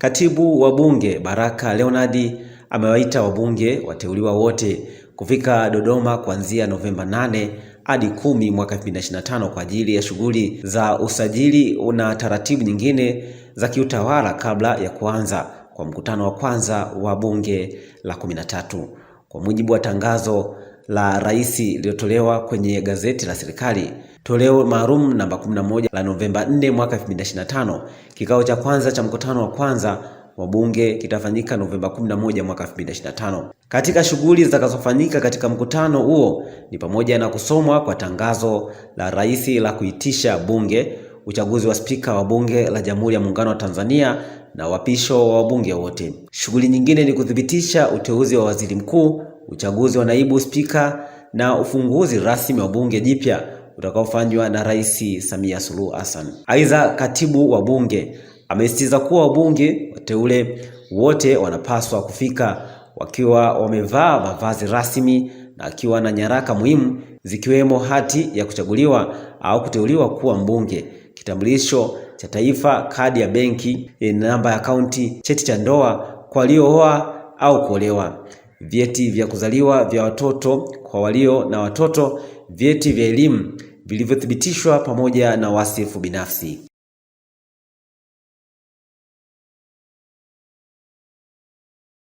Katibu wa Bunge Baraka Leonard amewaita wabunge wateuliwa wote kufika Dodoma kuanzia Novemba 8 hadi kumi mwaka 2025 kwa ajili ya shughuli za usajili na taratibu nyingine za kiutawala kabla ya kuanza kwa mkutano wa kwanza wa Bunge la 13. Kwa mujibu wa tangazo la rais lililotolewa kwenye gazeti la serikali, toleo maalum namba 11 la Novemba 4 mwaka 2025. Kikao cha kwanza cha mkutano wa kwanza wa bunge kitafanyika Novemba 11 mwaka 2025. Katika shughuli zitakazofanyika katika mkutano huo ni pamoja na kusomwa kwa tangazo la rais la kuitisha bunge, uchaguzi wa spika wa bunge la Jamhuri ya Muungano wa Tanzania na wapisho wa wabunge wote. Shughuli nyingine ni kuthibitisha uteuzi wa waziri mkuu, uchaguzi wa naibu spika na ufunguzi rasmi wa bunge jipya utakaofanywa na Rais Samia Suluhu Hassan. Aidha, katibu wa bunge amesisitiza kuwa wabunge wateule wote wanapaswa kufika wakiwa wamevaa mavazi rasmi na akiwa na nyaraka muhimu zikiwemo hati ya kuchaguliwa au kuteuliwa kuwa mbunge, kitambulisho cha taifa, kadi ya benki yenye namba ya akaunti, cheti cha ndoa kwa waliooa au kuolewa, vyeti vya kuzaliwa vya watoto kwa walio na watoto, vyeti vya elimu vilivyothibitishwa pamoja na wasifu binafsi.